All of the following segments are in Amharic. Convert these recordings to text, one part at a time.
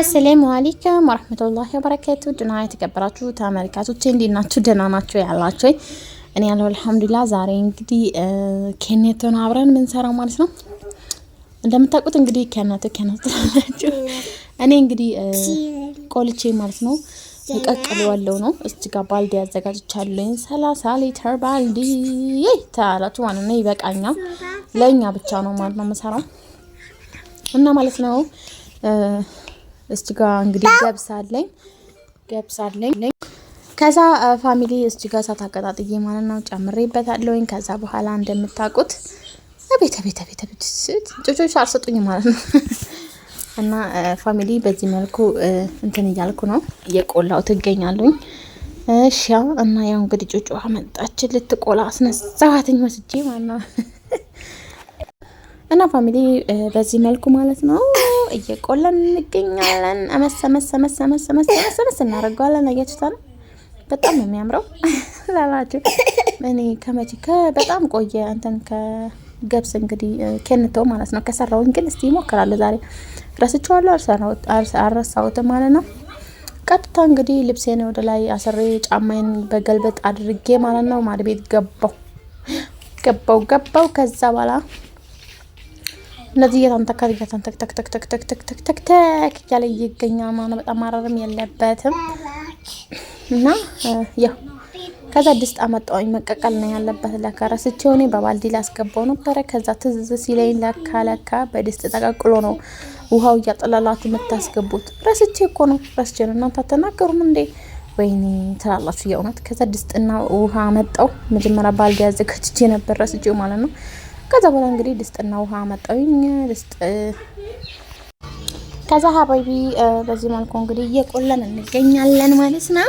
አሰላሙ አለይኩም ወራህመቱላሂ ወበረካቱ። ድና የተከበራችሁ ተመልካቾች እንዴት ናችሁ? ደህና ናችሁ ያላችሁ? እኔ ያለው አልሐምዱሊላህ። ዛሬ እንግዲህ ኬኔቶ ነው አብረን የምንሰራው ማለት ነው። እንደምታውቁት እንግዲህ ኬኔቶ ኬኔቶ ናችሁ። እኔ እንግዲህ ቆልቼ ማለት ነው ተቀቅሎ ያለው ነው። እዚህ ጋር ባልዲ ያዘጋጅቻለኝ ሰላሳ ሊትር ባልዲ ታላችሁ ማለት ነው። ይበቃኛል፣ ለእኛ ብቻ ነው ማለት ነው መሰራው እና ማለት ነው እስቲ ጋ እንግዲህ ገብሳለኝ ገብሳለኝ ከዛ ፋሚሊ እስቲ ጋ እሳት አቀጣጥዬ ማለት ነው ጨምሬበታለሁኝ። ከዛ በኋላ እንደምታውቁት ቤተ ቤተ ቤተ ቤት ጮጮች አልሰጡኝ ማለት ነው። እና ፋሚሊ በዚህ መልኩ እንትን እያልኩ ነው እየቆላው ትገኛለኝ። እሺ እና ያው እንግዲህ ጩጩዋ መጣች ልትቆላ አስነሳዋትኝ ወስጄ ማለት ነው። እና ፋሚሊ በዚህ መልኩ ማለት ነው እየቆለን እንገኛለን። አመሰ መሰ መሰ መሰ እናደርገዋለን። አያችሁታ በጣም ነው የሚያምረው ላላችሁ። እኔ ከመቼ በጣም ቆየ እንትን ከገብስ እንግዲህ ኬንተው ማለት ነው ከሰራውኝ፣ ግን እስቲ ይሞክራለሁ ዛሬ። ረስቼዋለሁ፣ አልረሳሁትም ማለት ነው። ቀጥታ እንግዲህ ልብሴን ወደ ላይ አስሬ ጫማዬን በገልበጥ አድርጌ ማለት ነው ማድቤት ገባው ገባው ገባው ከዛ በኋላ እነዚህ እየተንተከት እየተንተክተክተክተክተክተክ እያለ እየገኛ ማለት በጣም ማረርም የለበትም እና ያው ከዛ ድስት አመጣውኝ መቀቀል ነው ያለበት። ለካ ረስቼው እኔ በባልዲ ላስገባው ነበረ። ከዛ ትዝ ሲለኝ ለካ ለካ በድስት ተቀቅሎ ነው ውሃው እያጠላላት የምታስገቡት። ረስቼ እኮ ነው ረስቼ ነው። እናንተ አትናገሩም እንዴ? ወይኔ ትላላችሁ የእውነት። ከዛ ድስትና ውሃ መጣው። መጀመሪያ ባልዲ ያዘጋጅቼ ነበር ረስቼው ማለት ነው። ከዛ በኋላ እንግዲህ ድስጥና ውሃ አመጣውኝ ድስጥ ከዛ ሀባይቢ በዚህ መልኩ እንግዲህ እየቆለን እንገኛለን ማለት ነው።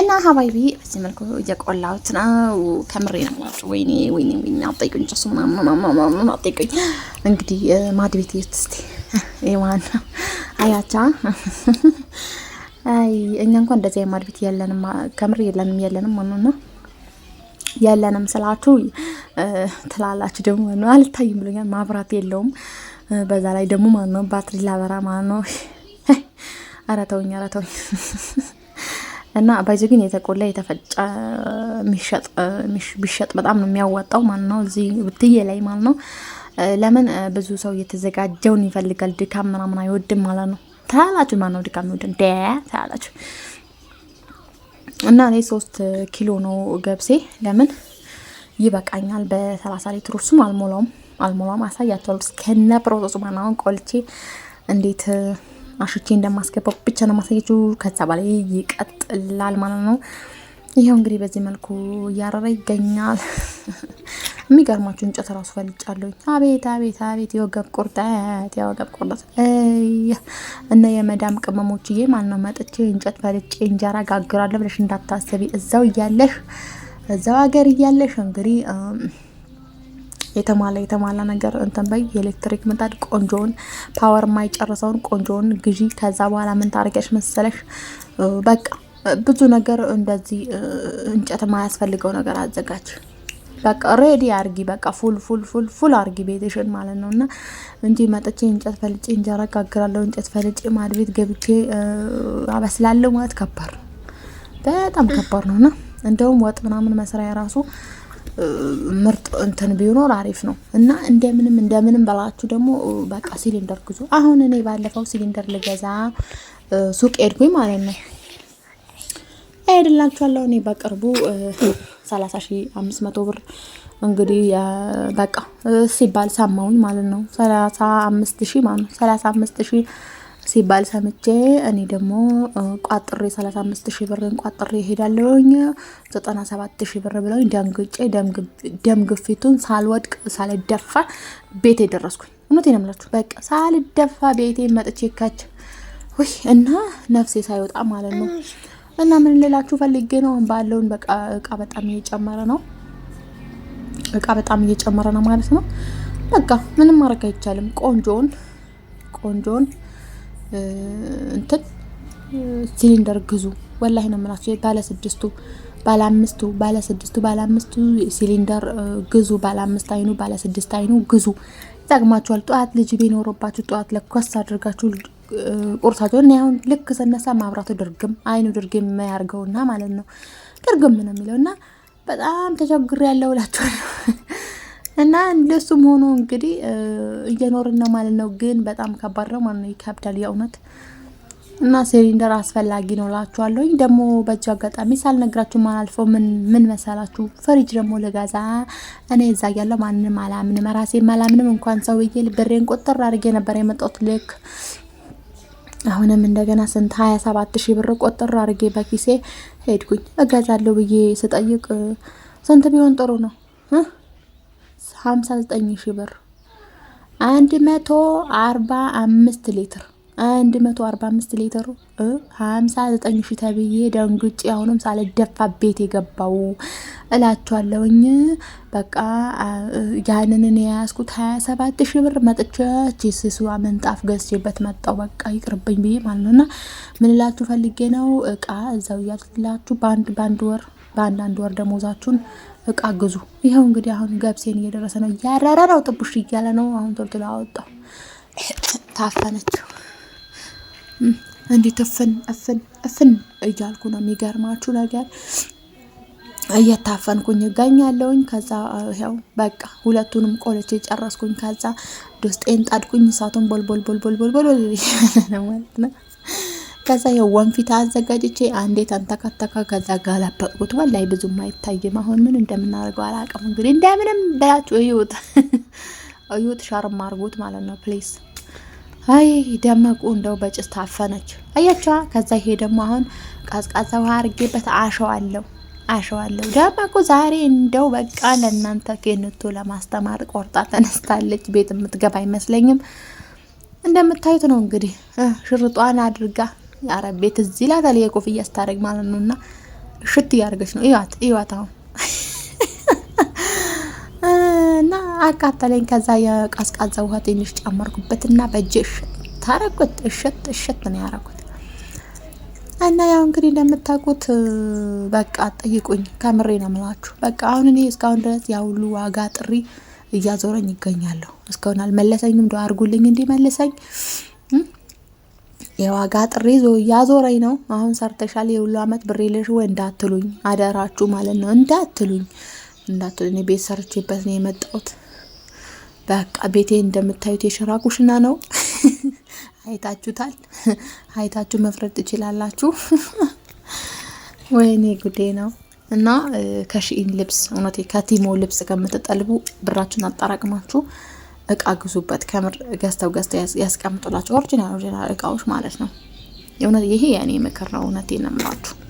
እና ሀባይቢ በዚህ መልኩ እየቆላሁት ነው። ከምሬ ነው የምላችሁ። ወይኔ ወይኔ ወይኔ አጠይቁኝ፣ ጨሱ ምናምን አጠይቁኝ። እንግዲህ ማድ ቤት ስቲ ዋና አያቻ እኛ እንኳን እንደዚህ ማድ ቤት የለንም፣ ከምሬ የለንም የለንም ማለት ነው የለንም ስላችሁ ትላላችሁ። ደግሞ ነው አልታይም ብሎኛል። ማብራት የለውም። በዛ ላይ ደግሞ ማን ነው ባትሪ ላበራ ማን ነው ኧረ ተውኝ፣ ኧረ ተውኝ። እና ባይዞ ግን የተቆላ የተፈጨ ቢሸጥ በጣም ነው የሚያዋጣው። ማን ነው እዚህ ብትዬ ላይ ማን ነው ለምን ብዙ ሰው እየተዘጋጀውን ይፈልጋል። ድካም ምናምን አይወድም ማለት ነው። ታላላችሁ ማን ነው ድካም ይወድ ታላላችሁ እና እኔ ሶስት ኪሎ ነው ገብሴ። ለምን ይበቃኛል። በሰላሳ ሊትር ውስም አልሞላውም አልሞላውም። አሳያቸዋለሁ እስከነ ፕሮሰሱ ማለት ቆልቼ እንዴት አሽቼ እንደማስገባው ብቻ ነው ማሳየችው። ከዛ በላይ ይቀጥላል ማለት ነው። ይኸው እንግዲህ በዚህ መልኩ እያረረ ይገኛል። የሚገርማችሁ እንጨት ራሱ ፈልጫለሁ። አቤት አቤት አቤት! የወገብ ቁርጠት የወገብ ቁርጠት እና የመዳም ቅመሞች ዬ ማን ነው መጥቼ እንጨት ፈልጬ እንጀራ ጋግራለሁ ብለሽ እንዳታስቢ። እዛው እያለሽ እዛው ሀገር እያለሽ እንግዲህ የተሟላ የተሟላ ነገር እንትን በይ። የኤሌክትሪክ ምጣድ ቆንጆውን ፓወር የማይጨርሰውን ቆንጆውን ግዢ። ከዛ በኋላ ምን ታደርጊያለሽ መሰለሽ በቃ ብዙ ነገር እንደዚህ እንጨት የማያስፈልገው ነገር አዘጋጅ። በቃ ሬዲ አርጊ፣ በቃ ፉል ፉል ፉል ፉል አርጊ ቤትሽን ማለት ነው። እና እንጂ መጥቼ እንጨት ፈልጬ እንጀራ ጋግራለሁ፣ እንጨት ፈልጬ ማድቤት ገብቼ አበስላለሁ ማለት ከባድ ነው፣ በጣም ከባድ ነው። እና እንደውም ወጥ ምናምን መስሪያ የራሱ ምርጥ እንትን ቢኖር አሪፍ ነው። እና እንደምንም እንደምንም በላችሁ ደግሞ በቃ ሲሊንደር ግዙ። አሁን እኔ ባለፈው ሲሊንደር ልገዛ ሱቅ ሄድኩኝ ማለት ነው። ሄድላችኋለሁ እኔ በቅርቡ 30500 ብር እንግዲህ በቃ ሲባል ሰማሁኝ ማለት ነው። 35000 ማለት ነው። 35000 ሲባል ሰምቼ እኔ ደግሞ ቋጥሬ 35000 ብር ቋጥሬ እሄዳለሁኝ። 97000 ብር ብለው ደንግጬ ደም ግፊቱን ሳልወድቅ ሳልደፋ ቤቴ ደረስኩኝ። እውነቴን ነው የምላችሁ። በቃ ሳልደፋ ቤቴ መጥቼ ካች እና ነፍሴ ሳይወጣ ማለት ነው እና ምን ልላችሁ ፈልጌ ነው ባለውን በቃ እቃ በጣም እየጨመረ ነው። እቃ በጣም እየጨመረ ነው ማለት ነው። በቃ ምንም ማድረግ አይቻልም። ቆንጆን ቆንጆን እንትን ሲሊንደር ግዙ። ወላሂ ነው የምላችሁ ባለ ስድስቱ ባለ አምስቱ ባለ ስድስቱ ባለ አምስቱ ሲሊንደር ግዙ። ባለ አምስት አይኑ ባለ ስድስት አይኑ ግዙ። ይጠቅማችኋል። ጠዋት ልጅ ቢኖረባችሁ ጠዋት ለኮስ አድርጋችሁ ቁርሳቸውን እኔ አሁን ልክ ስነሳ ማብራቱ ድርግም አይኑ ድርግም የሚያርገውና ማለት ነው ድርግም ነው የሚለው እና በጣም ተቸግር ያለው እላችኋለሁ። እና እንደሱም ሆኖ እንግዲህ እየኖርን ነው ማለት ነው። ግን በጣም ከባድ ነው ማለት ነው። ይከብዳል የእውነት እና ሲሊንደር አስፈላጊ ነው እላችኋለሁኝ። ደግሞ በዚህ አጋጣሚ ሳልነግራችሁ ማላልፈው ምን መሰላችሁ? ፍሪጅ ደግሞ ልገዛ እኔ እዛ ያለው ማንም አላምንም ራሴም አላምንም። እንኳን ሰውዬ ብሬን ቁጥር አድርጌ ነበር የመጣሁት ልክ አሁንም እንደገና ስንት ሀያ ሰባት ሺህ ብር ቆጥሮ አድርጌ በኪሴ ሄድኩኝ። እገዛለሁ ብዬ ስጠይቅ ስንት ቢሆን ጥሩ ነው? ሀምሳ ዘጠኝ ሺህ ብር አንድ መቶ አርባ አምስት ሊትር 145 ሊትር 59 ሺ ተብዬ ደንግጬ አሁንም ሳልደፋ ቤት የገባው አለውኝ በቃ ያንንን የያዝኩት 27 ሺ ብር መጥቻች ስሱ ምንጣፍ ገዝቼበት መጣው። በቃ ይቅርብኝ ብዬ ማለት ነው። እና ምን ላችሁ ፈልጌ ነው እቃ እዛው እያላችሁ በአንድ በአንድ ወር በአንዳንድ ወር ደሞዛችሁን እቃ ግዙ። ይኸው እንግዲህ አሁን ገብሴን እየደረሰ ነው። እያረረ ነው፣ ጥቡሽ እያለ ነው። አሁን ቶሎ ታፈነችው እንዴት እፍን እፍን እፍን እያልኩ ነው። የሚገርማችሁ ነገር እየታፈንኩኝ እገኛለሁኝ። ከዛ ያው በቃ ሁለቱንም ቆለች ጨረስኩኝ ከዛ ዶስጤን ጣድኩኝ። እሳቱን ቦልቦል ቦልቦል ነው ማለት ነው። ከዛ ያው ወንፊት አዘጋጅቼ አንዴ ተንተከተከ። ከዛ ጋላበጥኩት። ወላይ ብዙም አይታይም። አሁን ምን እንደምናደርገው አላውቅም። እንግዲህ እንደምንም በላችሁ እዩት፣ እዩት ሻርም አድርጉት ማለት ነው ፕሊስ አይ ደመቁ እንደው በጭስ ታፈነች አያቿ። ከዛ ይሄ ደግሞ አሁን ቀዝቃዛ ውሃ አርጌበት አሸዋለሁ አሸዋለሁ። ደመቁ ዛሬ እንደው በቃ ለእናንተ ኬንቶ ለማስተማር ቆርጣ ተነስታለች። ቤት የምትገባ አይመስለኝም። እንደምታዩት ነው እንግዲህ ሽርጧን አድርጋ ያረ ቤት እዚህ ላታል የኮፍያ ስታደርግ ማለት ነውና ሽት እያደረገች ነው። እዩዋት እዩዋት አሁን አቃጠለኝ። ከዛ የቀዝቃዛ ውሃ ትንሽ ጨመርኩበትና በእጄ እሽት ታረኩት። እሽት እሽት ነው ያረኩት። እና ያው እንግዲህ እንደምታውቁት በቃ ጠይቁኝ፣ ከምሬ ነው የምላችሁ። በቃ አሁን እኔ እስካሁን ድረስ ያ ሁሉ ዋጋ ጥሪ እያዞረኝ ይገኛለሁ። እስካሁን አልመለሰኝም። ዶ አርጉልኝ እንዲመልሰኝ የዋጋ ጥሪ እያዞረኝ ነው። አሁን ሰርተሻል፣ የሁሉ አመት ብሬ ልሽ ወይ እንዳትሉኝ፣ አደራችሁ ማለት ነው። እንዳትሉኝ፣ እንዳትሉኝ። ቤት ሰርቼበት ነው የመጣሁት። በቃ ቤቴ እንደምታዩት የሸራ ኩሽና ነው። አይታችሁታል። አይታችሁ መፍረድ ትችላላችሁ። ወይኔ ጉዴ ነው። እና ከሺኢን ልብስ እውነቴ ከቲሞ ልብስ ከምትጠልቡ ብራችሁን አጠራቅማችሁ እቃ ግዙበት። ከምር ገዝተው ገዝተው ያስቀምጡላቸው ኦሪጂናል ኦሪጂናል እቃዎች ማለት ነው። እውነት ይሄ የእኔ ምክር ነው። እውነቴ ነምራችሁ።